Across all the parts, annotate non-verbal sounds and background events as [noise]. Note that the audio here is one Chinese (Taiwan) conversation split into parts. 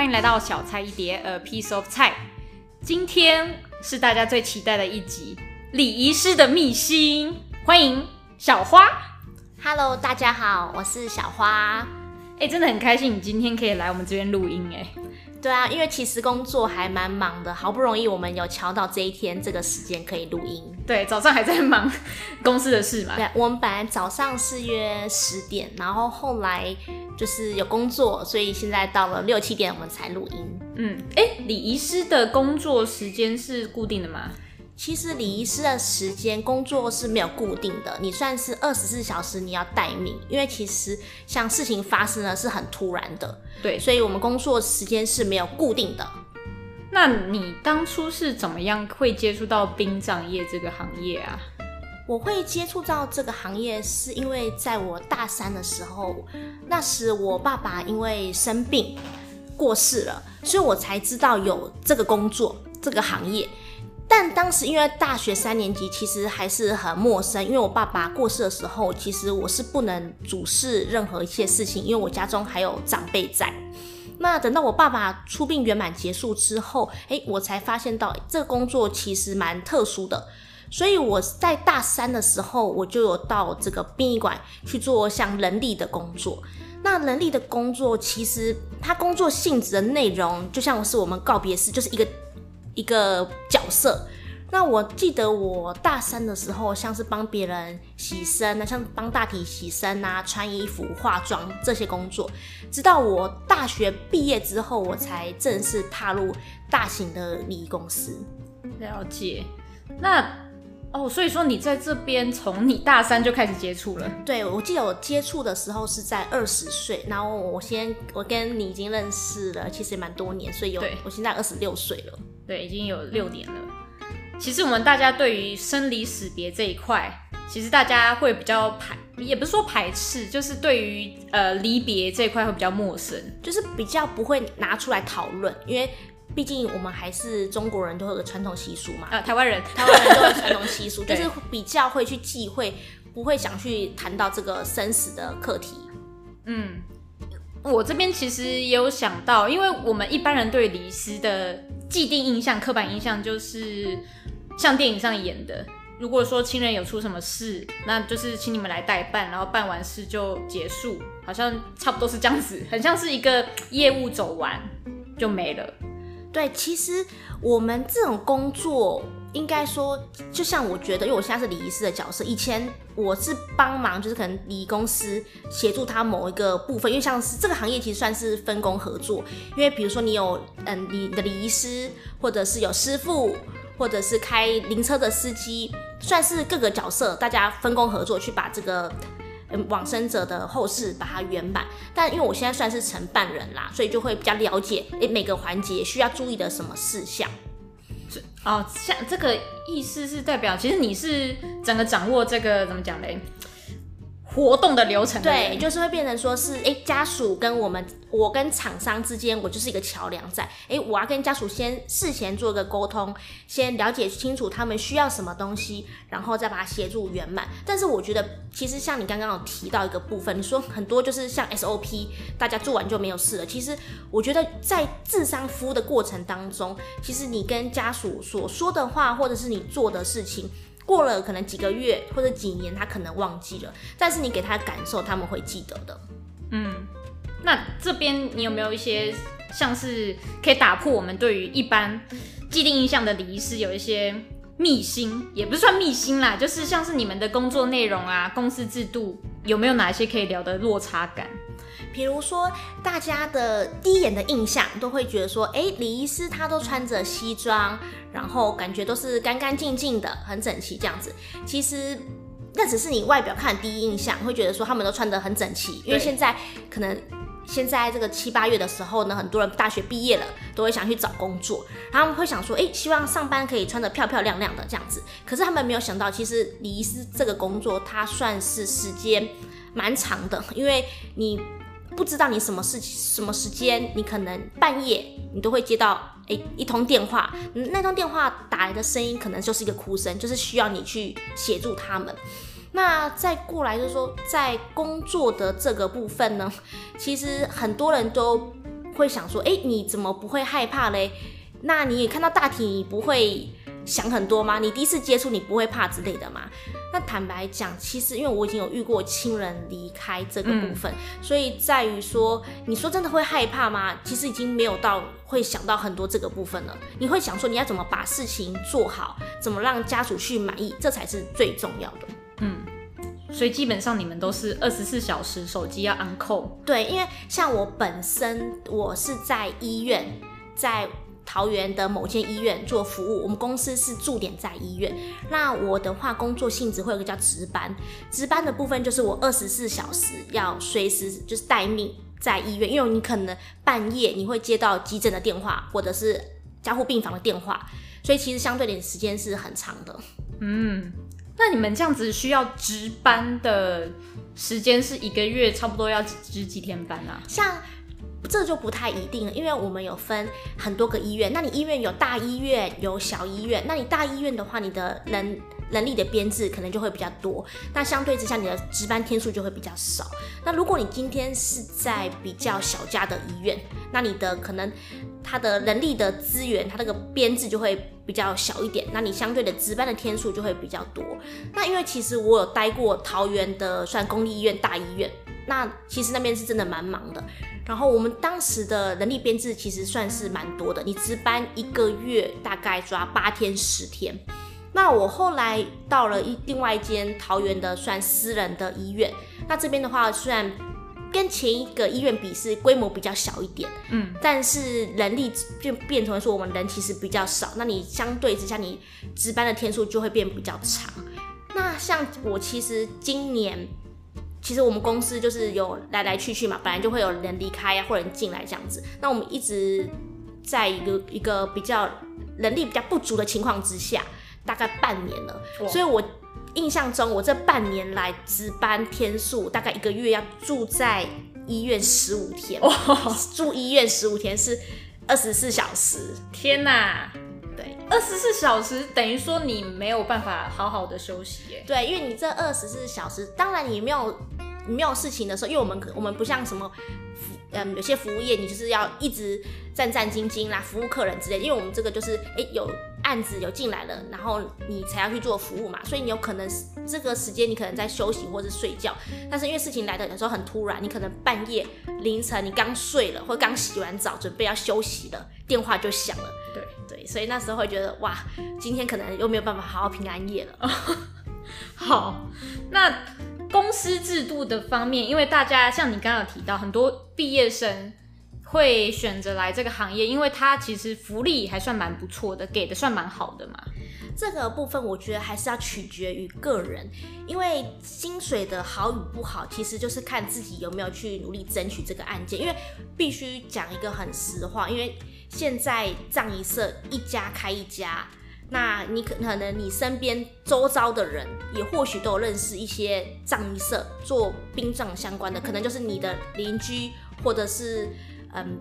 歡迎來到小蔡一碟，A piece of Tsai。今天是大家最期待的一集《禮儀師的秘辛》。歡迎小花。Hello，大家好，我是小花。欸，真的很開心，你今天可以來我們這邊錄音欸對啊，因為其實工作還蠻忙的，好不容易我們有喬到這一天這個時間可以錄音。對，早上還在忙公司的事嘛。對，我們本來早上是約十點，然後後來就是有工作，所以現在到了六七點我們才錄音。嗯，哎，禮儀師的工作時間是固定的嗎？其實禮儀師的時間工作是沒有固定的，你算是二十四小時你要待命，因為其實像事情發生的是很突然的，對，所以我們工作時間是沒有固定的。那你當初是怎麼樣會接觸到殯葬業這個行業啊？我會接觸到這個行業是因為在我大三的時候，那時我爸爸因為生病過世了，所以我才知道有這個工作這個行業。但當時因為大學三年級其實還是很陌生，因為我爸爸過世的時候，其實我是不能主事任何一些事情，因為我家中還有長輩在。那等到我爸爸出殯圓滿結束之後，欸，我才發現到這個工作其實蠻特殊的。所以我在大三的時候，我就有到這個殯儀館去做像人力的工作。那人力的工作其實它工作性質的內容，就像是我們告別式，就是一個。一個角色。那我記得我大三的時候，像是幫別人洗身啊，像幫大體洗身啊，穿衣服、化妝這些工作。直到我大學畢業之後，我才正式踏入大型的禮儀公司。了解。那哦，所以說你在這邊從你大三就開始接觸了。對，我記得我接觸的時候是在二十歲。然後我先，我跟你已經認識了，其實也蠻多年，所以有，對我現在二十六歲了。對，已經有六年了。嗯、其實我們大家對於生離死別這一塊，其實大家會比較排，也不是說排斥，就是對於呃離別這一塊會比較陌生，就是比較不會拿出來討論。因為畢竟我們還是中國人，都有傳統習俗嘛、呃。台灣人，台灣人都有傳統習俗， [laughs] 就是比較會去忌諱，不會想去談到這個生死的課題。對嗯，我這邊其實也有想到，因為我們一般人對離世的。既定印象、刻板印象就是像電影上演的。如果說親人有出什麼事，那就是請你們來代辦，然後辦完事就結束，好像差不多是這樣子，很像是一個業務走完就沒了。對，其實我們這種工作。應該說，就像我覺得，因為我現在是禮儀師的角色，以前我是幫忙，就是可能禮儀公司協助他某一個部分，因為像是這個行業其實算是分工合作，因為比如說你有嗯你的禮儀師，或者是有師傅，或者是開靈車的司機，算是各個角色大家分工合作去把這個、嗯、往生者的後事把它圓滿。但因為我現在算是承辦人啦，所以就會比較了解哎、欸、每個環節需要注意的什麼事項。哦，像這個意思是代表，其實你是整個掌握這個怎麼講嘞？活動的流程的，對，就是會變成說是，哎、欸，家屬跟我們，我跟廠商之間，我就是一個橋樑在，哎、欸，我要跟家屬先事前做一個溝通，先了解清楚他們需要什麼東西，然後再把它協助圓滿。但是我覺得，其實像你剛剛有提到一個部分，你說很多就是像 SOP，大家做完就沒有事了。其實我覺得，在治喪服務的過程當中，其實你跟家屬所說的話，或者是你做的事情，過了可能幾個月或者幾年，他可能忘記了，但是你給他感受，他們會記得的。嗯，那這邊你有沒有一些像是可以打破我們對於一般既定印象的禮儀師有一些秘辛，也不算秘辛啦，就是像是你們的工作內容啊、公司制度，有沒有哪一些可以聊的落差感？比如說，大家的第一眼的印象都會覺得說，哎、欸，禮儀師他都穿着西裝，然後感覺都是乾乾淨淨的，很整齊這樣子。其實那只是你外表看的第一印象，會覺得說他們都穿得很整齊。對因為現在可能現在這個七八月的時候呢，很多人大學畢業了，都會想去找工作，然後他們會想說，哎、欸，希望上班可以穿得漂漂亮亮的這樣子。可是他們沒有想到，其實禮儀師這個工作他算是時間蠻長的，因為你。不知道你什麼事情，什麼時間，你可能半夜你都會接到誒、欸、一通電話，那通電話打來的聲音可能就是一個哭聲，就是需要你去協助他們。那再過來就是說，在工作的這個部分呢，其實很多人都會想說，誒、欸，你怎麼不會害怕嘞？那你也看到大體你不會。想很多嗎？你第一次接觸，你不會怕之類的嗎？那坦白講，其實因為我已經有遇過親人離開這個部分，嗯、所以在於說，你說真的會害怕嗎？其實已經沒有到會想到很多這個部分了。你會想說，你要怎麼把事情做好，怎麼讓家屬去滿意，這才是最重要的。嗯，所以基本上你們都是二十四小時手機要 on call。對，因為像我本身，我是在醫院，在。桃園的某間醫院做服務，我們公司是駐點在醫院。那我的話，工作性質會有一個叫值班，值班的部分就是我二十四小時要隨時就是待命在醫院，因為你可能半夜你會接到急診的電話，或者是加護病房的電話，所以其實相對的時間是很長的。嗯，那你們這樣子需要值班的時間是一個月，差不多要值幾，幾天班啊？像。這就不太一定了，因為我們有分很多個醫院。那你醫院有大醫院有小醫院，那你大醫院的話，你的能能力的編制可能就會比較多，那相對之下你的值班天數就會比較少。那如果你今天是在比較小家的醫院，那你的可能他的人力的資源，他這個編制就會比較小一點，那你相對的值班的天數就會比較多。那因為其實我有待過桃園的算公立醫院大醫院，那其實那邊是真的蠻忙的。然後我們當時的人力編制其實算是蠻多的，你值班一個月大概抓八天十天。那我後來到了一另外一間桃園的算私人的醫院，那這邊的話雖然跟前一個醫院比是規模比較小一點，嗯，但是人力就變成說我們人其實比較少，那你相對之下你值班的天數就會變比較長。那像我其實今年。其實我們公司就是有來來去去嘛，本來就會有人離開、啊、或者人進來這樣子。那我們一直在一個一個比較人力比較不足的情況之下，大概半年了。哦、所以我印象中，我這半年來值班天數大概一個月要住在醫院十五天，哦、住醫院十五天是二十四小時。天哪！二十四小時等於說你沒有辦法好好的休息耶、欸？對，因為你這二十四小時，當然你沒有你沒有事情的時候，因為我們我們不像什麼服嗯有些服務業，你就是要一直戰戰兢兢啦、啊，服務客人之類，因為我們這個就是哎、欸，有案子有進來了，然後你才要去做服務嘛，所以你有可能這個時間你可能在休息或是睡覺，但是因為事情來的有時候很突然，你可能半夜凌晨你剛睡了或剛洗完澡準備要休息了，電話就響了。對對，所以那時候會覺得哇，今天可能又沒有辦法好好平安夜了。 [laughs] 好，那公司制度的方面，因為大家像你剛剛有提到，很多畢業生會選擇來這個行業，因為它其實福利還算蠻不錯的，給的算蠻好的嘛。這個部分我覺得還是要取決於個人，因為薪水的好與不好，其實就是看自己有沒有去努力爭取這個案件。因為必須講一個很實話，因為。現在葬儀社，一家開一家，那你可可能你身邊周遭的人也或許都有認識一些葬儀社做殯葬相關的，可能就是你的鄰居或者是嗯，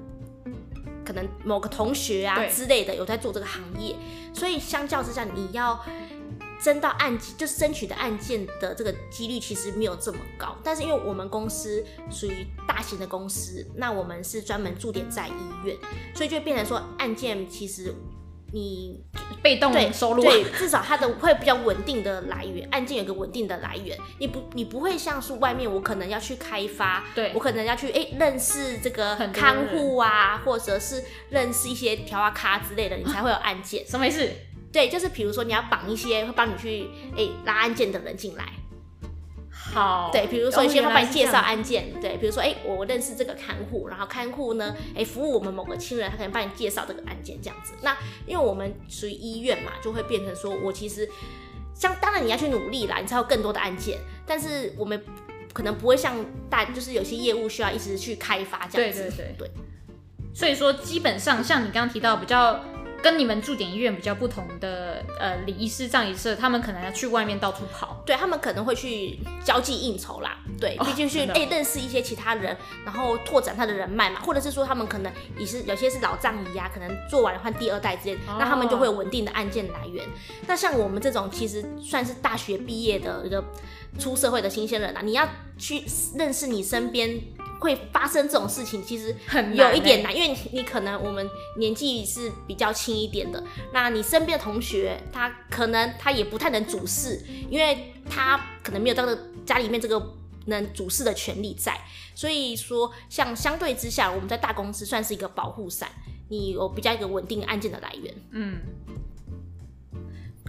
可能某個同學啊之類的有在做這個行業，對所以相較之下你要。爭到案件就是爭取的案件的這個幾率其實沒有這麼高，但是因為我們公司屬於大型的公司，那我們是專門駐點在醫院，所以就變成說案件其實你被動收入、啊、對，對，至少它的會比較穩定的來源，案件有個穩定的來源，你不你不會像是外面我可能要去開發，對我可能要去哎、欸、認識這個看護啊，或者是認識一些調啊咖之類的，你才會有案件。什麼意思？對，就是比如說你要綁一些會幫你去誒、欸、拉案件的人進來。好。對，比如說一些會幫你介紹案件。哦、對，比如說誒、欸，我認識這個看護，然後看護呢，誒、欸，服務我們某個親人，他可能幫你介紹這個案件這樣子。那因為我們屬於醫院嘛，就會變成說我其實像當然你要去努力啦，你才有更多的案件。但是我們可能不會像大，就是有些業務需要一直去開發這樣子。對對對。對。所以說，基本上像你剛剛提到比較。跟你們駐點醫院比較不同的，呃，禮儀師葬儀社，他們可能要去外面到處跑，對，他們可能會去交際應酬啦，對，畢、哦、竟去，哎的、欸、認識一些其他人，然後拓展他的人脈嘛，或者是說他們可能也是有些是老葬儀呀、啊，可能做完了換第二代之類，哦，那他們就會有穩定的案件來源。那像我們這種其實算是大學畢業的一個出社會的新鮮人啦，你要去認識你身邊會發生這種事情，其實有一點難，很難欸。因為你可能我們年紀是比較輕一點的，那你身邊的同學他可能他也不太能主事，因為他可能沒有到這家裡面這個能主事的權利在，所以說像相對之下，我們在大公司算是一個保護傘，你有比較一個穩定案件的來源。嗯，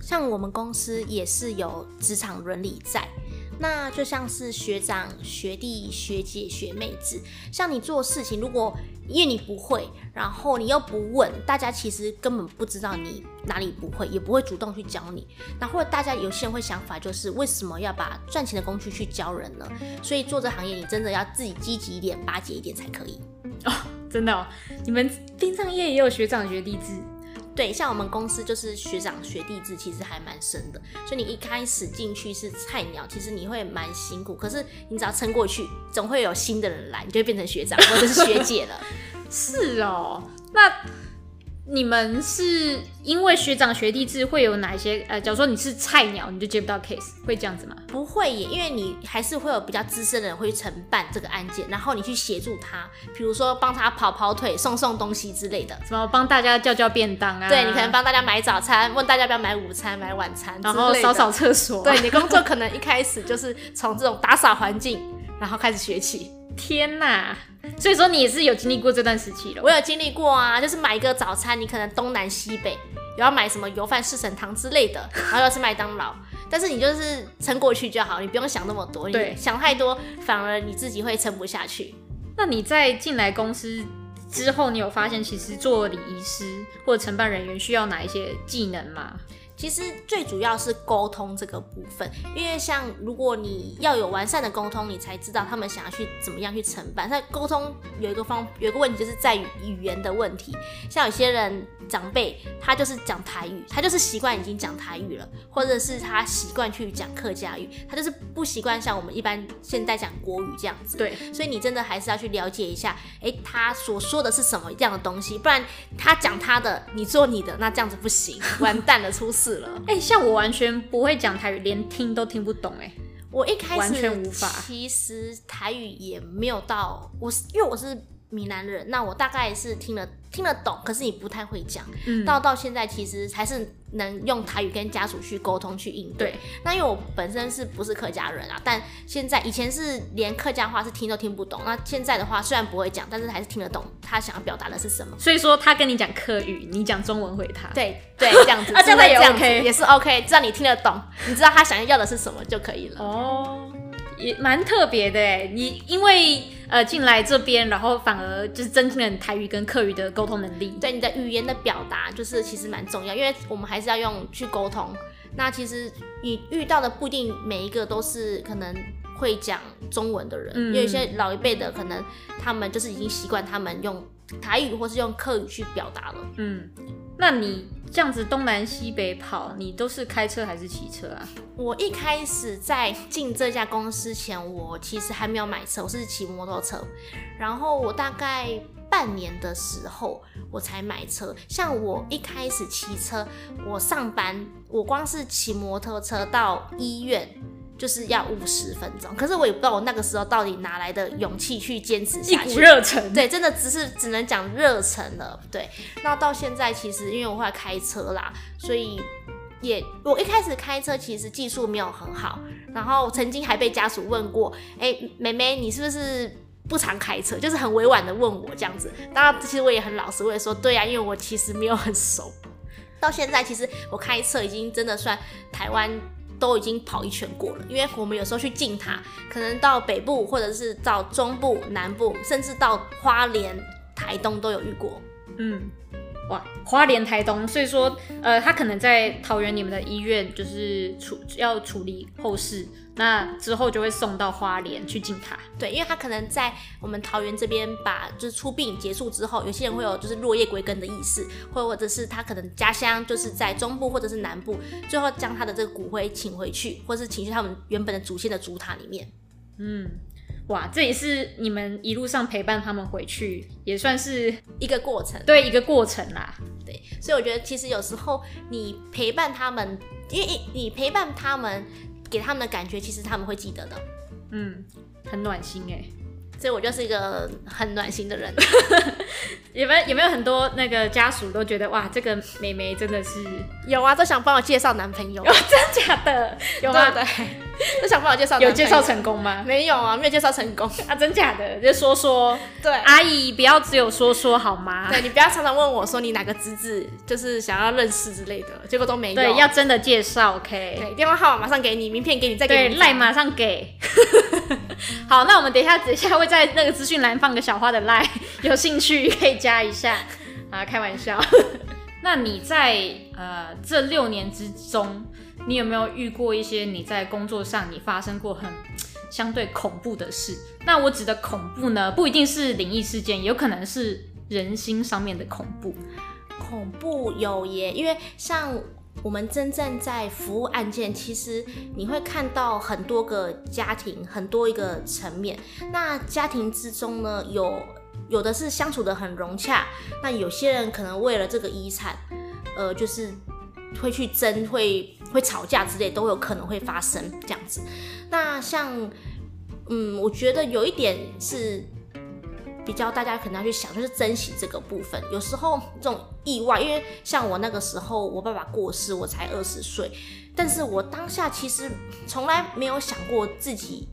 像我們公司也是有職場倫理在。那就像是學長、學弟、學姐、學妹子，像你做事情，如果因你不會，然後你又不問，大家其實根本不知道你哪裡不會，也不會主動去教你。然後或者大家有些人會想法就是，為什麼要把賺錢的工具去教人呢？所以做這行業，你真的要自己積極一點、巴結一點才可以。哦，真的哦，你們殯葬業也有學長學弟制。對，像我們公司就是學長學弟制其實還蠻深的。所以你一開始進去是菜鳥，其實你會蠻辛苦。可是你只要撐過去，總會有新的人來，你就變成學長或者是學姐了。 [laughs] 是哦？那。你們是因為學長學弟制會有哪一些？呃，假如說你是菜鳥，你就接不到 case，會這樣子嗎？不會耶，因為你還是會有比較資深的人會去承辦這個案件，然後你去協助他，比如說幫他跑跑腿、送送東西之類的。什麼？幫大家叫叫便當啊？對，你可能幫大家買早餐，問大家要不要買午餐、買晚餐之類的，然後掃掃廁所。對，你工作可能一開始就是從這種打掃環境， [laughs] 然後開始學起。天吶。所以說你也是有經歷過這段時期了。嗯，我有經歷過啊，就是買一個早餐，你可能東南西北有要買什麼油飯、四神湯之類的，然後又是麥當勞， [laughs] 但是你就是撐過去就好，你不用想那麼多，對你想太多反而你自己會撐不下去。那你在進來公司之後，你有發現其實做禮儀師或者承辦人員需要哪一些技能嗎？其實最主要是溝通這個部分，因為像如果你要有完善的溝通，你才知道他們想要去怎麼樣去承辦。那溝通有一個方，有一個問題就是在於語言的問題。像有些人長輩，他就是講台語，他就是習慣已經講台語了，或者是他習慣去講客家語，他就是不習慣像我們一般現在講國語這樣子。對，所以你真的還是要去了解一下，哎、欸，他所說的是什麼樣的東西，不然他講他的，你做你的，那這樣子不行，完蛋了，出事。哎、欸，像我完全不會講台語，連聽都聽不懂，欸，哎，我一開始完全無法。其實台語也沒有到，我是因為我是。閩南人，那我大概也是聽得聽得懂，可是你不太會講。嗯，到到現在其實還是能用台語跟家屬去溝通去應對。對，那因為我本身是不是客家人啊？但現在以前是連客家話是聽都聽不懂，那現在的話雖然不會講，但是還是聽得懂他想要表達的是什麼。所以說他跟你講客語，你講中文回他，對對，這樣子、 [laughs] 啊這樣 OK。那這樣子也 OK，也是 OK，只要你聽得懂，你知道他想要要的是什麼就可以了。哦，也蠻特別的哎，你因為。呃，進來這邊，然後反而就是增進了台語跟客語的溝通能力。對，你的語言的表達就是其實蠻重要，因為我們還是要用去溝通。那其實你遇到的不一定每一個都是可能會講中文的人，嗯、因為有些老一輩的可能他們就是已經習慣他們用台語或是用客語去表達了。嗯，那你。這樣子東南西北跑，你都是開車還是騎車啊？我一開始在進這家公司前，我其實還沒有買車，我是騎摩托車。然後我大概半年的時候，我才買車。像我一開始騎車，我上班，我光是騎摩托車到醫院。就是要五十分鐘，可是我也不知道我那個時候到底哪來的勇氣去堅持下去。一股熱忱，對，真的只是只能講熱忱了。對，那到現在其實因為我後來開車啦，所以也我一開始開車其實技術沒有很好，然後曾經還被家屬問過，哎、欸，妹妹，你是不是不常開車？就是很委婉的問我這樣子，那其實我也很老實，我也說對啊，因為我其實沒有很熟。到現在其實我開車已經真的算台灣。都已經跑一圈過了，因為我們有時候去進塔，可能到北部，或者是到中部、南部，甚至到花蓮、台東都有遇過。嗯，哇，花蓮、台東，所以說，呃，他可能在桃園你們的醫院就是處要處理後事。那之後就會送到花蓮去進塔，對，因為他可能在我們桃園這邊把就是出殯結束之後，有些人會有就是落葉歸根的意思，或或者是他可能家鄉就是在中部或者是南部，最後將他的這個骨灰請回去，或是請去他們原本的祖先的祖塔裡面。嗯，哇，這也是你們一路上陪伴他們回去，也算是一個過程，對，一個過程啦。對，所以我覺得其實有時候你陪伴他們，因為你陪伴他們。給他們的感覺，其實他們會記得的。嗯，很暖心哎。所以我就是一個很暖心的人，有沒有，有沒有？很多那個家屬都覺得哇，這個妹妹真的是。有啊，都想幫我介紹男朋友，有。真假的？有嗎？對，都想幫我介紹。有介紹成功嗎？沒有啊，沒有介紹成功啊，真假的，就說說。對，阿姨不要只有說說好嗎？對，你不要常常問我說你哪個資質，就是想要認識之類的，結果都沒。對，要真的介紹，OK，電話號碼馬上給你，名片給你，再給你賴，馬上給。 [laughs] 好，那我們等一下，等一下會在那個資訊欄放個小花的 Line，有興趣可以加一下。啊，開玩笑。那你在呃這六年之中，你有沒有遇過一些你在工作上你發生過很相對恐怖的事？那我指的恐怖呢，不一定是靈異事件，有可能是人心上面的恐怖。恐怖有耶，因為像。我們真正在服務案件，其實你會看到很多個家庭，很多一個層面。那家庭之中呢，有有的是相處得很融洽，那有些人可能為了這個遺產，呃，就是會去爭，會會吵架之類，都有可能會發生這樣子。那像，嗯，我覺得有一點是。比較大家可能要去想，就是珍惜這個部分。有時候這種意外，因為像我那個時候，我爸爸過世，我才二十歲，但是我當下其實從來沒有想過自己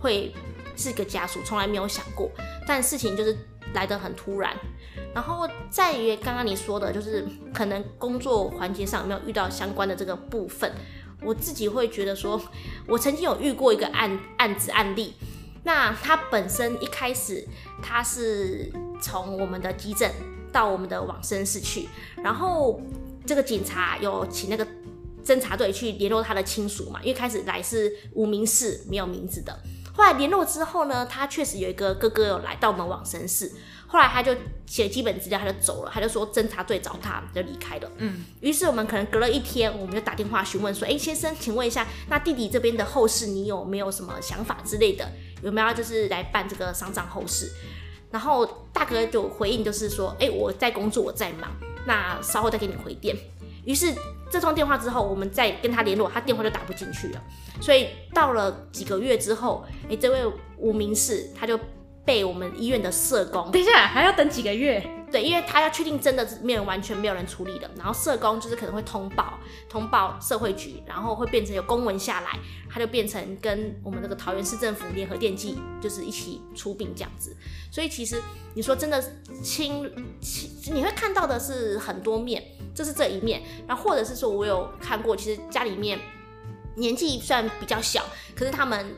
會是個家屬，從來沒有想過。但事情就是來得很突然。然後在於剛剛你說的，就是可能工作環節上有沒有遇到相關的這個部分，我自己會覺得說，我曾經有遇過一個案案子案例。那他本身一開始他是從我們的急診到我們的往生室去，然後這個警察有請那個偵查隊去聯絡他的親屬嘛，因為開始來是無名氏沒有名字的，後來聯絡之後呢，他確實有一個哥哥有來到我們往生室，後來他就寫基本資料，他就走了，他就說偵查隊找他，就離開了。嗯，於是我們可能隔了一天，我們就打電話詢問說，哎、欸，先生，請問一下，那弟弟這邊的後事你有沒有什麼想法之類的？有沒有就是來辦這個喪葬後事？然後大哥就回應，就是說，哎、欸，我在工作，我在忙，那稍後再給你回電。於是這通電話之後，我們再跟他聯絡，他電話就打不進去了。所以到了幾個月之後，哎、欸，這位無名氏他就被我們醫院的社工……等一下，還要等幾個月？對，因為他要確定真的沒有完全沒有人處理的，然後社工就是可能會通報，通報社會局，然後會變成有公文下來，他就變成跟我們這個桃園市政府聯合奠祭就是一起出殯這樣子。所以其實你說真的親親，你會看到的是很多面，這是這一面，然後或者是說我有看過，其實家裡面年紀算比較小，可是他們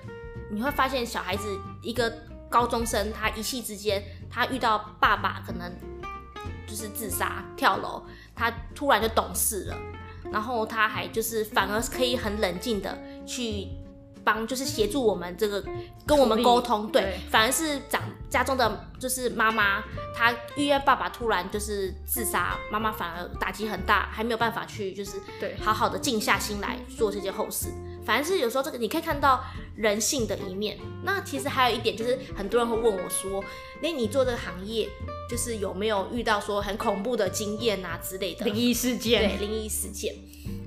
你會發現小孩子一個高中生，他一氣之間，他遇到爸爸可能。就是自殺跳樓，他突然就懂事了，然後他還就是反而可以很冷靜的去幫，就是協助我們這個跟我們溝通。以對，對反而是喪家中的就是媽媽，她因為爸爸突然就是自殺，媽媽反而打擊很大，還沒有辦法去就是對好好的靜下心來做這件後事。對嗯反正是有時候這個你可以看到人性的一面。那其實還有一點就是，很多人會問我說：“那你做這個行業，就是有沒有遇到說很恐怖的經驗啊之類的？”靈異事件，對，靈異事件。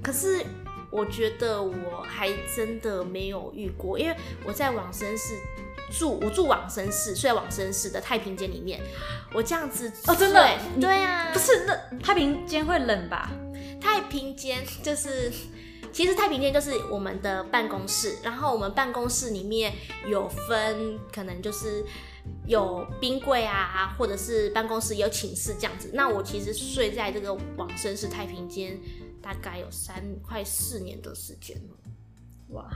可是我覺得我還真的沒有遇過，因為我在往生室住，我住往生室，睡在往生室的太平間裡面。我這樣子哦，真的？對啊，不是那太平間會冷吧？太平間就是。其實太平間就是我們的辦公室，然後我們辦公室裡面有分，可能就是有冰櫃啊，或者是辦公室有寢室這樣子。那我其實睡在這個往生室太平間，大概有三快四年的時間了。哇！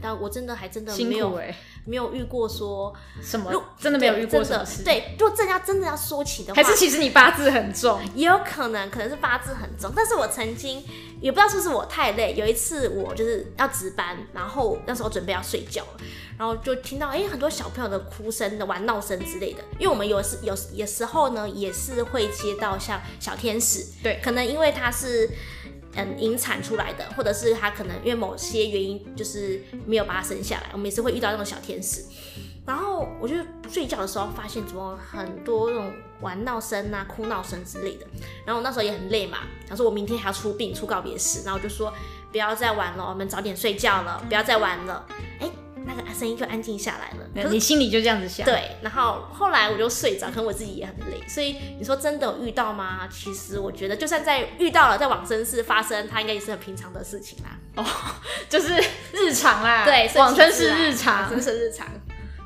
但我真的還真的沒有、欸、沒有遇過說什麼，真的沒有遇過什麼事對。對，如果真的要真的要說起的話，還是其實你八字很重，也有可能可能是八字很重。但是我曾經也不知道是不是我太累，有一次我就是要值班，然後那時候準備要睡覺了，然後就聽到哎很多小朋友的哭聲的玩鬧聲之類的。因為我們有時有有時候呢也是會接到像小天使，對，可能因為他是。嗯，引產出來的，或者是他可能因為某些原因就是沒有把他生下來，我們也是會遇到那種小天使。然後我就睡覺的時候發現，怎麼很多那種玩鬧聲啊、哭鬧聲之類的。然後我那時候也很累嘛，想說我明天還要出殯、出告別式，然後我就說不要再玩了，我們早點睡覺了，不要再玩了。哎、欸。那個聲音就安靜下來了，你心裡就這樣子想。對，然後後來我就睡着，可能我自己也很累，所以你說真的有遇到嗎？其實我覺得，就算在遇到了，在往生室發生，它應該也是很平常的事情啦。哦，就是日常啦。常啦。對，往生室日常，真是，是，是日常。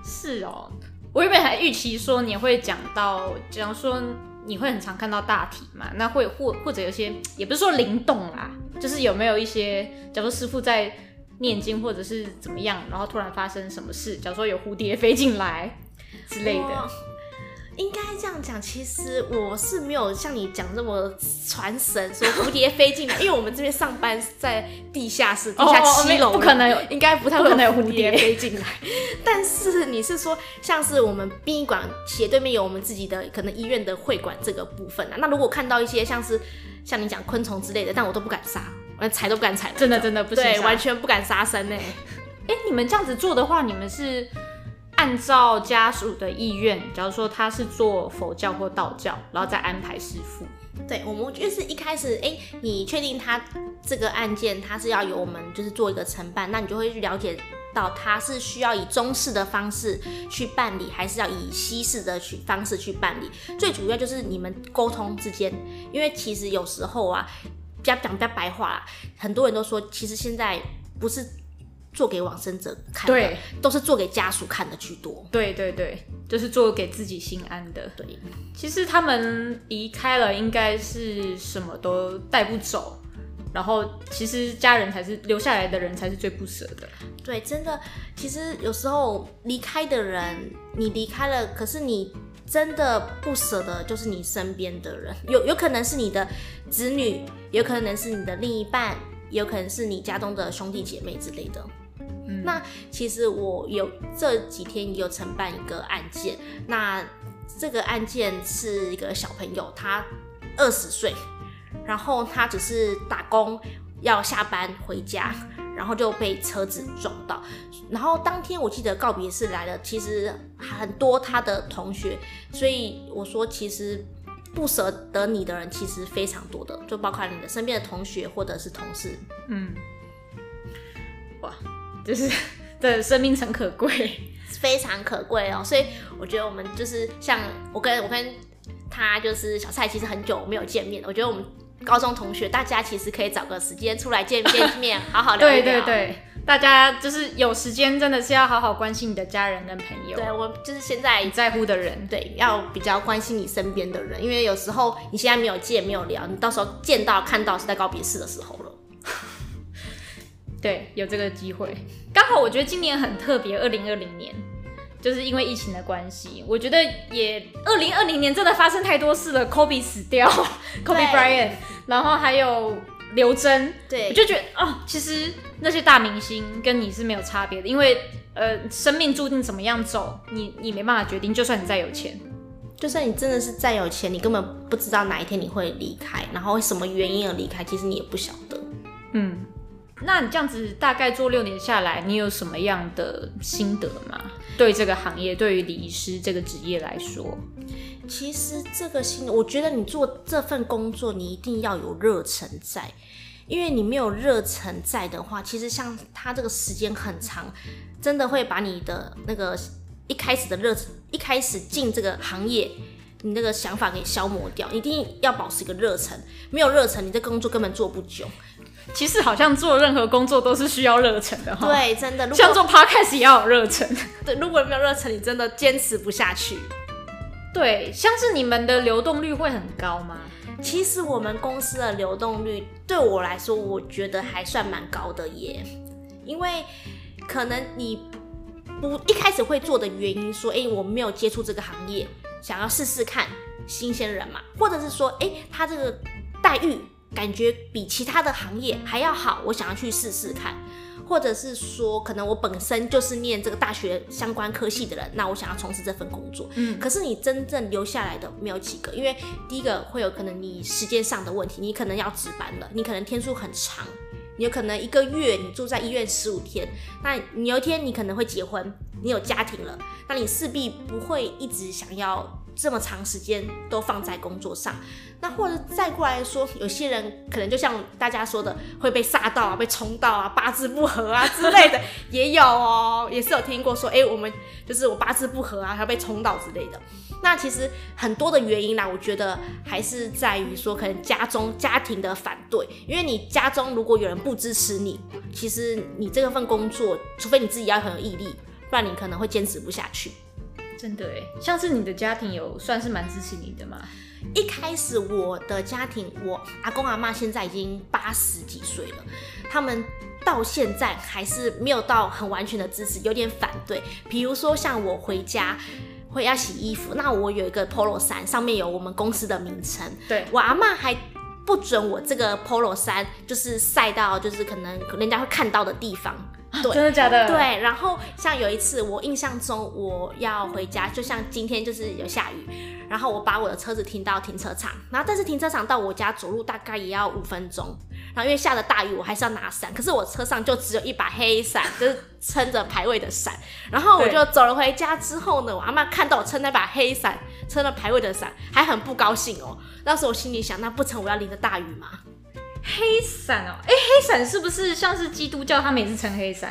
是哦，我原本還預期說你會講到，假如說你會很常看到大體嘛，那會或或者有些，也不是說靈動啦，嗯、就是有沒有一些，假如師傅在。念經或者是怎麼樣，然後突然發生什麼事，假如說有蝴蝶飛進來之類的，應該這樣講。其實我是沒有像你講那麼傳神，說蝴蝶飛進來，因為我們這邊上班在地下室， [laughs] 地下七樓、哦，不可能有，應該不太會不可能有蝴蝶飛進來。 [laughs] 但是你是說，像是我們殯儀館斜對面有我們自己的可能醫院的會館這個部分啊？那如果看到一些像是像你講昆蟲之類的，但我都不敢殺。踩都不敢踩，真的真的不行，對，完全不敢殺生呢。哎，你們這樣子做的話，你們是按照家屬的意願，假如說他是做佛教或道教，然後再安排師父？對，我們就是一開始，哎、欸，你確定他這個案件，他是要由我們就是做一個承辦，那你就會去了解到他是需要以中式的方式去辦理，還是要以西式的去方式去辦理。最主要就是你們溝通之間，因為其實有時候啊。不要講不要白話啦，很多人都說，其實現在不是做給往生者看的，對都是做給家屬看的居多。對對對，就是做給自己心安的。對，其實他們離開了，應該是什麼都帶不走。然後，其實家人才是留下來的人才是最不捨的。對，真的，其實有時候離開的人，你離開了，可是你。真的不捨得，就是你身邊的人，有有可能是你的子女，有可能是你的另一半，有可能是你家中的兄弟姐妹之類的。嗯。那其實我有，這幾天也有承辦一個案件，那這個案件是一個小朋友，他二十歲，然後他只是打工。要下班回家，然後就被車子撞到，然後當天我記得告別式，來了，其實很多他的同學，所以我說其實不捨得你的人其實非常多的，就包括你的身邊的同學或者是同事，嗯，哇，就是對生命誠可貴，非常可貴哦，所以我覺得我們就是像我跟我跟他就是小蔡，其實很久沒有見面了，我覺得我們。高中同學，大家其實可以找個時間出來見見面，呵呵，好好聊一聊。對對對，大家就是有時間，真的是要好好關心你的家人跟朋友。對，我就是現在你在乎的人，對，要比較關心你身邊的人，嗯，因為有時候你現在沒有見沒有聊，你到時候見到看到是在告別式的時候了。對，有這個機會，剛好我覺得今年很特別，二零二零年。就是因為疫情的關係，我覺得也二零二零年真的發生太多事了。Kobe 死掉對 [laughs] ，Kobe Bryant，然後還有劉真，對，我就覺得哦，其實那些大明星跟你是沒有差別的，因為呃，生命注定怎麼樣走，你你沒辦法決定。就算你再有錢，就算你真的是再有錢，你根本不知道哪一天你會離開，然後什麼原因而離開，其實你也不曉得。嗯。那你這樣子大概做六年下來，你有什麼樣的心得嗎？對這個行業，對於禮儀師這個職業來說，其實這個心得，我覺得你做這份工作，你一定要有熱忱在，因為你沒有熱忱在的話，其實像他這個時間很長，真的會把你的那個一開始的熱，一開始進這個行業，你那個想法給消磨掉。一定要保持一個熱忱，沒有熱忱，你的工作根本做不久。其實好像做任何工作都是需要熱忱的哈。對，真的，像做 podcast 也要有熱忱。對，如果沒有熱忱，你真的堅持不下去。對，像是你們的流動率會很高嗎？其實我們公司的流動率對我來說，我覺得還算蠻高的耶。因為可能你不一開始會做的原因說，說、欸、哎，我沒有接觸這個行業，想要試試看新鮮人嘛，或者是說哎、欸，他這個待遇，感覺比其他的行業還要好，我想要去試試看，或者是說，可能我本身就是念這個大學相關科系的人，那我想要從事這份工作。嗯，可是你真正留下來的沒有幾個，因為第一個會有可能你時間上的問題，你可能要值班了，你可能天數很長，你有可能一個月你住在醫院十五天，那你有一天你可能會結婚，你有家庭了，那你勢必不會一直想要這麼長時間都放在工作上，那或者再過來說，有些人可能就像大家說的會被煞到啊，被衝到啊，八字不合啊之類的 [laughs] 也有哦，也是有聽過說，哎、欸，我們就是我八字不合啊，還要被衝到之類的。那其實很多的原因呢，我覺得還是在於說，可能家中家庭的反對，因為你家中如果有人不支持你，其實你這份工作，除非你自己要很有毅力，不然你可能會堅持不下去。真的誒，像是你的家庭有算是蠻支持你的嗎？一開始我的家庭，我阿公阿媽現在已經八十幾歲了，他們到現在還是沒有到很完全的支持，有點反對。比如說像我回家回家洗衣服，那我有一個 Polo 衫，上面有我們公司的名稱，對我阿媽還。不准我這個 polo 衫，就是曬到就是可能人家會看到的地方，對，啊，真的假的？對，然後像有一次我印象中我要回家，就像今天就是有下雨，然後我把我的車子停到停車場，然後但是停車場到我家走路大概也要五分鐘。然後因為下了大雨，我還是要拿傘，可是我車上就只有一把黑傘，就是撐着牌位的傘。然後我就走了回家之後呢，對我阿媽看到我撐那把黑傘，撐了牌位的傘，還很不高興哦。那時候我心裡想，那不成我要淋着大雨嗎？黑傘哦，哎，黑傘是不是像是基督教他們也是撐黑傘？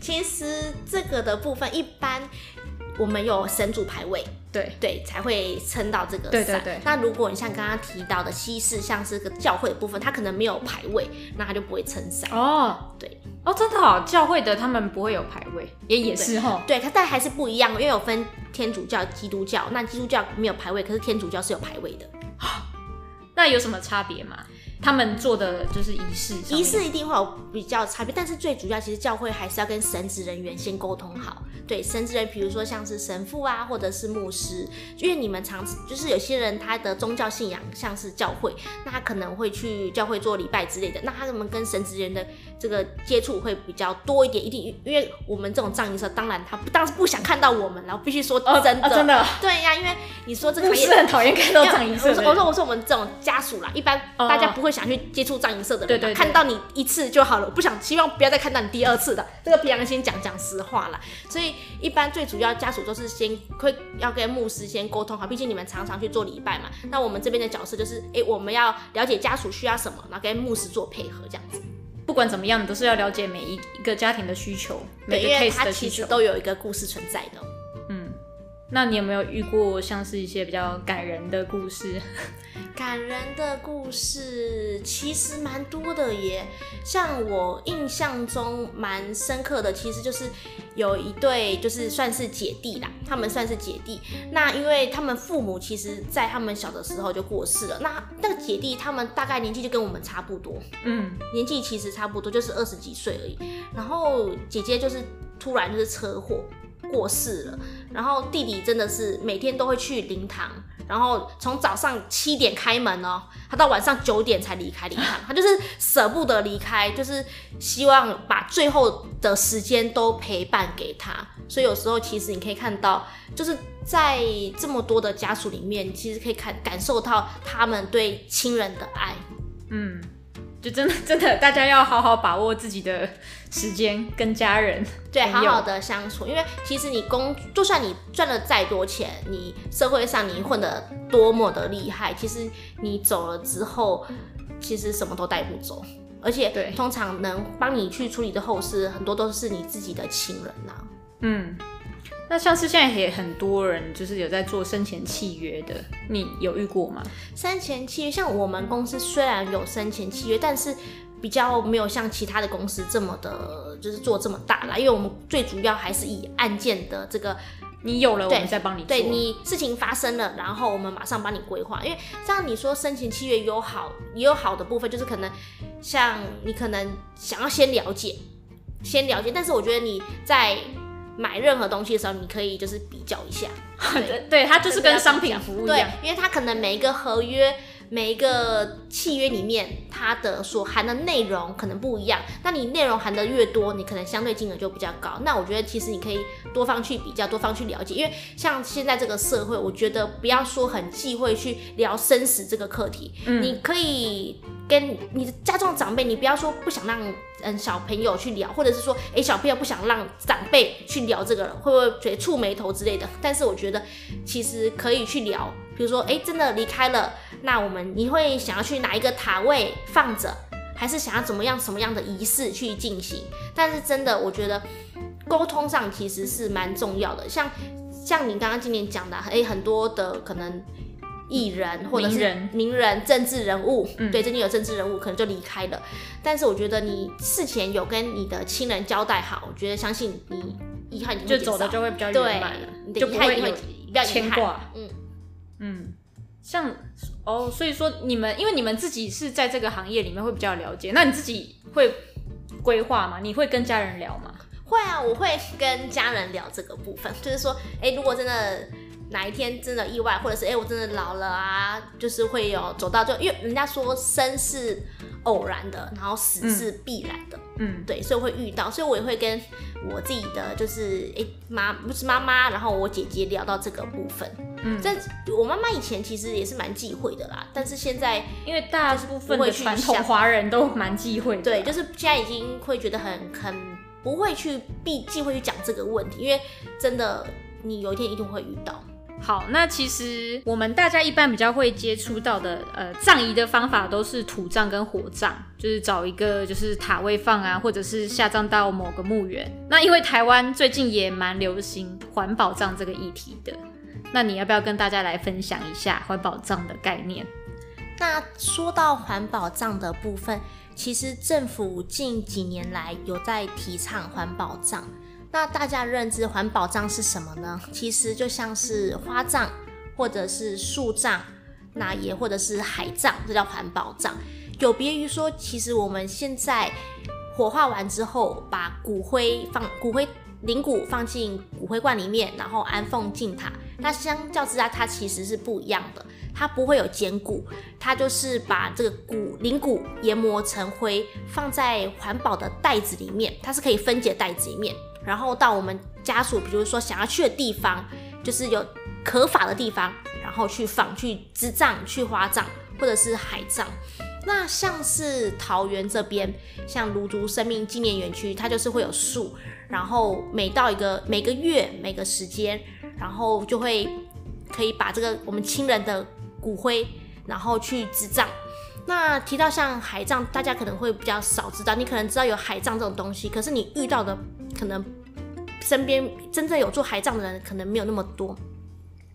其實這個的部分一般我們有神主牌位。對對才會撐到這個傘。對對對。那如果你像剛剛提到的西式，像是個教會的部分，它可能沒有牌位，那它就不會撐傘。哦，對。哦，真的哦，教會的他們不會有牌位，也對也是吼、哦。對，它但還是不一樣，因為有分天主教、基督教。那基督教沒有牌位，可是天主教是有牌位的。那有什麼差別嗎？他們做的就是儀式，儀式一定會有比較差別。但是最主要，其實教會還是要跟神職人員先溝通好。對，神職人員，比如說像是神父啊，或者是牧師，因為你們常就是有些人他的宗教信仰像是教會，那他可能會去教會做禮拜之類的，那他怎麼跟神職人的。這個接觸會比較多一點，一定，因為我們這種葬儀社，當然他不但是不想看到我們，然後必須說真的，oh, oh, 真的對呀、啊，因為你說這個也是很討厭看到葬儀社。我說我說我們這種家屬啦，oh, 一般大家不會想去接觸葬儀社的人，oh, 看到你一次就好了，我不想，希望不要再看到你第二次的，這個平常心講講實話啦。所以一般最主要家屬都是先會要跟牧師先溝通好，畢竟你們常常去做禮拜嘛。那我們這邊的角色就是，哎，我們要了解家屬需要什麼，然後跟牧師做配合這樣子。不管怎麼樣，你都是要了解每一一個家庭的需求，對每個 case 的需求，其實都有一個故事存在的。嗯那你有沒有遇過像是一些比較感人的故事？感人的故事其實蠻多的耶，像我印象中蠻深刻的，其實就是有一對就是算是姐弟啦，他們算是姐弟。那因為他們父母其實，在他們小的時候就過世了。那那個姐弟他們大概年紀就跟我們差不多，嗯，年紀其實差不多，就是二十幾歲而已。然後姐姐就是突然就是車禍。過世了，然後弟弟真的是每天都會去靈堂，然後從早上七點開門哦，他到晚上九點才離開靈堂，他就是捨不得離開，就是希望把最後的時間都陪伴給他。所以有時候其實你可以看到，就是在這麼多的家屬裡面，其實可以看感受到他們對親人的愛。嗯。就真的真的，大家要好好把握自己的時間跟家人，對，好好的相處。因為其實你工作，就算你賺了再多錢，你社會上你混得多麼的厲害，其實你走了之後，嗯、其實什麼都帶不走。而且對，通常能幫你去處理的後事，很多都是你自己的親人吶、啊。嗯。那像是現在也很多人就是有在做生前契約的，你有遇過嗎？生前契約，像我們公司雖然有生前契約，但是比較沒有像其他的公司這麼的，就是做這麼大啦。因為我們最主要還是以案件的這個，你有了我們再幫你做對，對，你事情發生了，然後我們馬上幫你規劃。因為像你說生前契約有好也有好的部分，就是可能像你可能想要先了解，先了解，但是我覺得你在。買任何東西的時候，你可以就是比較一下，對，它 [laughs] 就是跟商品服務一樣，對，因為它可能每一個合約。每一個契約裡面，它的所含的內容可能不一樣。那你內容含的越多，你可能相對金額就比較高。那我覺得其實你可以多方去比較，多方去了解。因為像現在這個社會，我覺得不要說很忌諱去聊生死這個課題。嗯、你可以跟你的家中的長輩，你不要說不想讓嗯小朋友去聊，或者是說哎、欸、小朋友不想讓長輩去聊這個了，會不會覺得觸霉頭之類的？但是我覺得其實可以去聊，比如說哎、欸、真的離開了。那我們你會想要去哪一個塔位放着？還是想要怎麼樣什麼樣的儀式去進行？但是真的，我覺得溝通上其實是蠻重要的。像像你剛剛今年講的，很、欸、很多的可能藝人、嗯、人或者是名人、政治人物，嗯、對，真的有政治人物可能就離開了。嗯、但是我覺得你事前有跟你的親人交代好，我覺得相信你，遺憾你看就走的就會比較圓滿，對你的遺憾就不會有牽掛。嗯嗯，像。哦，oh, 所以說你們，因為你們自己是在這個行業裡面會比較了解，那你自己會規劃嗎？你會跟家人聊嗎？會啊，我會跟家人聊這個部分，就是說，哎、欸，如果真的哪一天真的意外，或者是哎、欸，我真的老了啊，就是會有走到就，因為人家說生是偶然的，然後死是必然的。嗯。嗯，對，所以會遇到，所以我也會跟我自己的就是哎、欸、媽，不是媽媽，然後我姐姐聊到這個部分。嗯，這，我媽媽以前其實也是蠻忌諱的啦，但是現在是因為大部分傳統華人都蠻忌諱的，對，就是現在已經會覺得很很不會去避忌諱去講這個問題，因為真的你有一天一定會遇到。好，那其實我們大家一般比較會接觸到的，呃，葬儀的方法都是土葬跟火葬，就是找一個就是塔位放啊，或者是下葬到某個墓園。那因為台灣最近也蠻流行環保葬這個議題的，那你要不要跟大家來分享一下環保葬的概念？那說到環保葬的部分，其實政府近幾年來有在提倡環保葬。那大家認知環保葬是什麼呢？其實就像是花葬，或者是樹葬，那也或者是海葬，這叫環保葬。有別於說，其實我們現在火化完之後，把骨灰放骨灰靈骨放進骨灰罐裡面，然後安放進塔。那相較之下，它其實是不一樣的。它不會有撿骨，它就是把這個骨靈骨研磨成灰，放在環保的袋子裡面，它是可以分解袋子裡面。然後到我們家屬，比如說想要去的地方，就是有合法的地方，然後去放、去支葬、去花葬，或者是海葬。那像是桃園這邊，像蘆竹生命紀念園區，它就是會有樹，然後每到一個每個月、每個時間，然後就會可以把這個我們親人的骨灰，然後去支葬。那提到像海葬，大家可能會比較少知道。你可能知道有海葬這種東西，可是你遇到的可能身邊真正有做海葬的人可能沒有那麼多。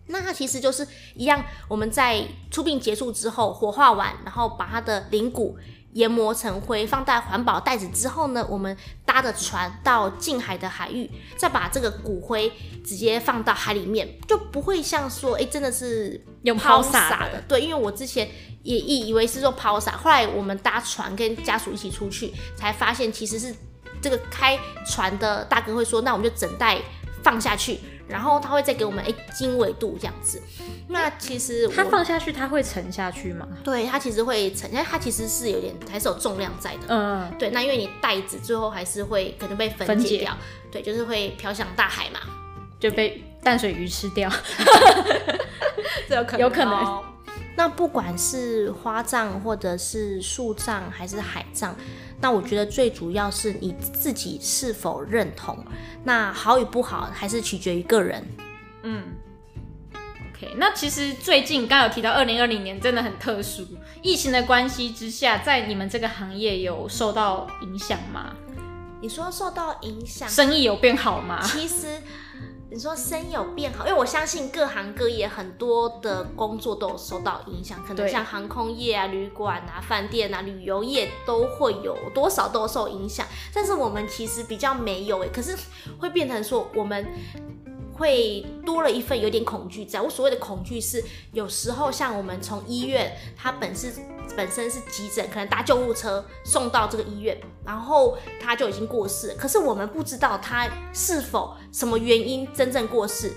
那它其實就是一樣，我們在出殯結束之後，火化完，然後把他的靈骨。研磨成灰，放在環保袋子之後呢，我們搭着船到近海的海域，再把這個骨灰直接放到海裡面，就不會像說，哎、欸，真的是有拋灑的。的對，因為我之前也以為是做拋灑，後來我們搭船跟家屬一起出去，才發現其實是這個開船的大哥會說，那我們就整袋放下去。然後它會再給我們一經緯度這樣子，那其實它放下去它會沉下去嗎？對，它其實會沉，因為它其實是有點還是有重量在的。嗯，對，那因為你袋子最後還是會可能被分解掉，解對，就是會飄向大海嘛，就被淡水魚吃掉，對 [laughs] 這有可能，有可能。 [laughs] 那不管是花葬或者是樹葬還是海葬，那我覺得最主要是你自己是否認同。那好與不好還是取決於個人。嗯，OK。那其實最近剛剛有提到，二零二零年真的很特殊，疫情的關係之下，在你們這個行業有受到影響嗎？你說受到影響，生意有變好嗎？其實。你說生意有變好，因為我相信各行各業很多的工作都有受到影響，可能像航空業啊、旅館啊、飯店啊、旅遊業都會有多少都有受影響，但是我們其實比較沒有誒、欸，可是會變成說我們，會多了一份有點恐懼，在我所謂的恐懼是，有時候像我們從醫院，他本是本身是急診，可能搭救護車送到這個醫院，然後他就已經過世，可是我們不知道他是否什麼原因真正過世。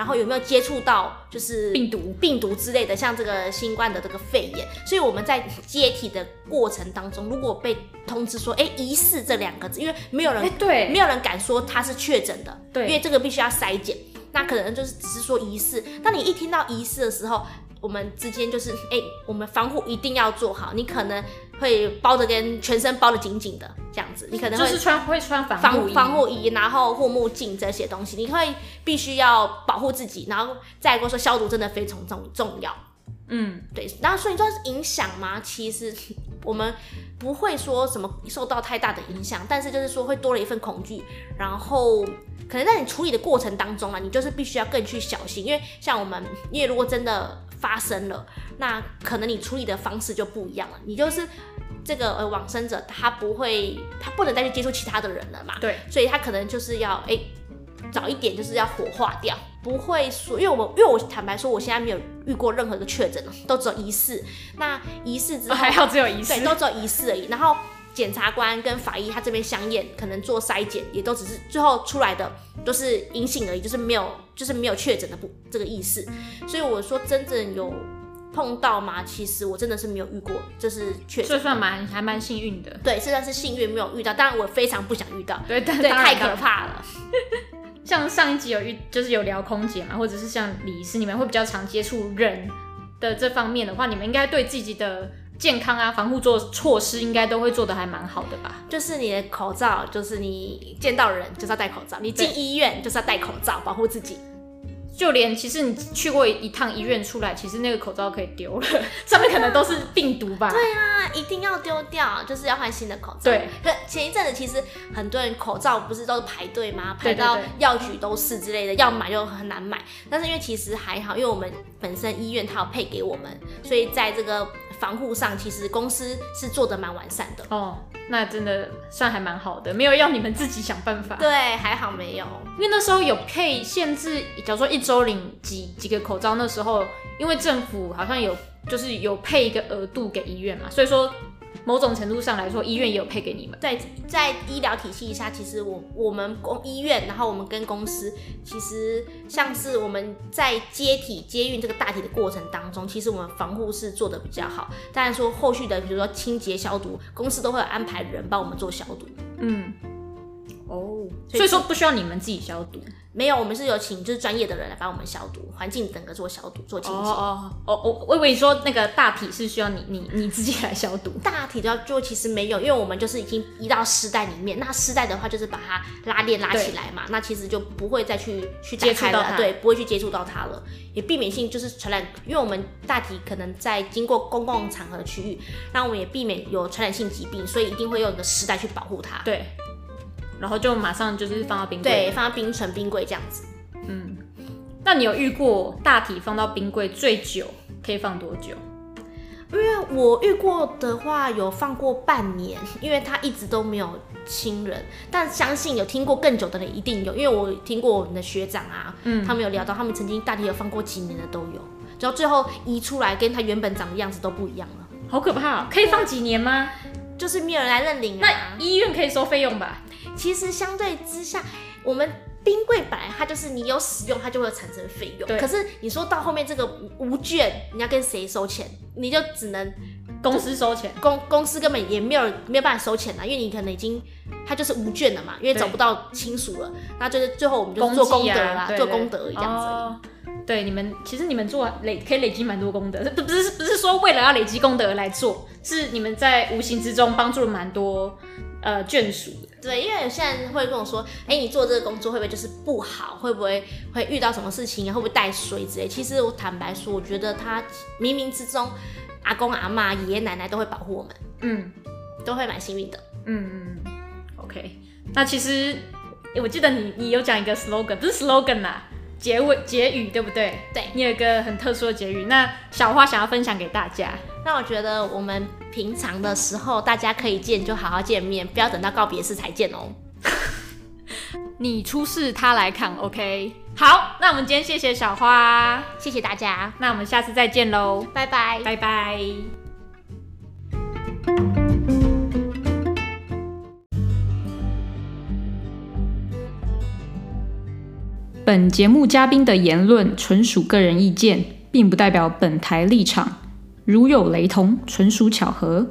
然後有沒有接觸到就是病毒病毒之類的，像這個新冠的這個肺炎，所以我們在接體的過程當中，如果被通知說，哎，疑似這兩個字，因為沒有人，哎，對，沒有人敢說他是確診的，對，因為這個必須要篩檢，那可能就是只是說疑似。當你一聽到疑似的時候，我們之間就是，哎，我們防護一定要做好，你可能會包得跟全身包得緊緊的。這樣子，你可能、嗯、就是穿會穿防護防護衣，然後護目鏡這些東西，你會必須要保護自己，然後再一個說消毒真的非常重重要。嗯，對。然後所以你說影響嗎？其實我們不會說什麼受到太大的影響，但是就是說會多了一份恐懼，然後可能在你處理的過程當中啊，你就是必須要更去小心，因為像我們，因為如果真的發生了，那可能你處理的方式就不一樣了，你就是。這個呃，往生者他不會，他不能再去接觸其他的人了嘛，對，所以他可能就是要哎早一點就是要火化掉，不會說因為我因為我坦白說我現在沒有遇過任何一個確診都只有疑似。那疑似之後還好只有疑似，對，都只有疑似而已。然後檢察官跟法醫他這邊相驗，可能做篩檢也都只是最後出來的都是陰性而已，就是沒有就是沒有確診的不這個意思。所以我說真正有。碰到嗎？其實我真的是沒有遇過，就是確實，這算蠻還蠻幸運的。的對，這算是幸運沒有遇到。當然我非常不想遇到，對，但對太可怕了。 [laughs] 像上一集有遇，就是有聊空姐嘛，或者是像李醫師，你們會比較常接觸人的這方面的話，你們應該對自己的健康啊防護做措施，應該都會做得還蠻好的吧？就是你的口罩，就是你見到人就是要戴口罩，你進醫院就是要戴口罩對保護自己。就連其實你去過一趟醫院出來，其實那個口罩可以丟了，上面可能都是病毒吧？對啊，一定要丟掉，就是要換新的口罩。對，可前一陣子其實很多人口罩不是都是排隊嗎？對對對，排到藥局都是之類的，對對對，要買就很難買。但是因為其實還好，因為我們本身醫院它有配給我們，所以在這個。防護上，其實公司是做的蠻完善的哦。那真的算還蠻好的，沒有要你們自己想辦法。對，還好沒有，因為那時候有配限制，假如說一週領幾幾個口罩，那時候因為政府好像有，就是有配一個額度給醫院嘛，所以說。某種程度上來說，醫院也有配給你們。在，在醫療體系下，其實我我們公醫院，然後我們跟公司，其實像是我們在接體接運這個大體的過程當中，其實我們防護是做的比較好。當然說後續的，比如說清潔消毒，公司都會有安排人幫我們做消毒。嗯，哦，oh，所以說不需要你們自己消毒。沒有，我們是有請就是專業的人來幫我們消毒環境，整個做消毒、做清潔。哦哦哦，我以為你說，那個大體是需要你你你自己來消毒。大體都要做？其實沒有，因為我們就是已經移到屍袋裡面。那屍袋的話，就是把它拉鏈拉起來嘛，對那其實就不會再去去接觸到它。對，不會去接觸到它了，也避免性就是傳染，因為我們大體可能在經過公共場合的區域，嗯、那我們也避免有傳染性疾病，所以一定會用一個屍袋去保護它。對。然後就馬上就是放到冰櫃，對，放到冰存冰櫃這樣子。嗯，那你有遇過大體放到冰櫃最久可以放多久？因為我遇過的話有放過半年，因為他一直都沒有親人，但相信有聽過更久的人一定有，因為我聽過我們的學長啊，嗯，他們有聊到他們曾經大體有放過幾年的都有，然後最後移出來跟他原本長的樣子都不一樣了，好可怕！可以放幾年嗎？就是沒有人來認領啊？那醫院可以收費用吧？其實相對之下，我們冰櫃本來它就是你有使用它就會產生費用。對。可是你說到後面這個無無券，你要跟誰收錢？你就只能就公司收錢。公公司根本也沒有沒有辦法收錢啦，因為你可能已經他就是無券了嘛，因為找不到親屬了。對。那就是最後我們就做功德啦，啊、對對對做功德一樣子。子、哦、對你們，其實你們做累可以累積蠻多功德。這不是不是說為了要累積功德來做，是你們在無形之中幫助了蠻多呃眷屬。對，因為有些人會跟我說：“哎，你做這個工作會不會就是不好？會不會會遇到什麼事情？會不會帶水之類？”其實我坦白說，我覺得他冥冥之中，阿公阿媽、爺爺奶奶都會保護我們，嗯，都會蠻幸運的，嗯嗯嗯。OK，那其實哎，我記得你你有講一個 slogan，不是 slogan 吶、啊。結尾結語，語，對不對？對，你有一個很特殊的結語，那小花想要分享給大家。那我覺得我們平常的時候大家可以見就好好見面，不要等到告別式才見哦。 [laughs] 你出事他來看，OK？好，那我們今天謝謝小花，謝謝大家，那我們下次再見嘍，拜拜 bye，拜拜。本節目嘉賓的言論純屬個人意見，並不代表本台立場。如有雷同，純屬巧合。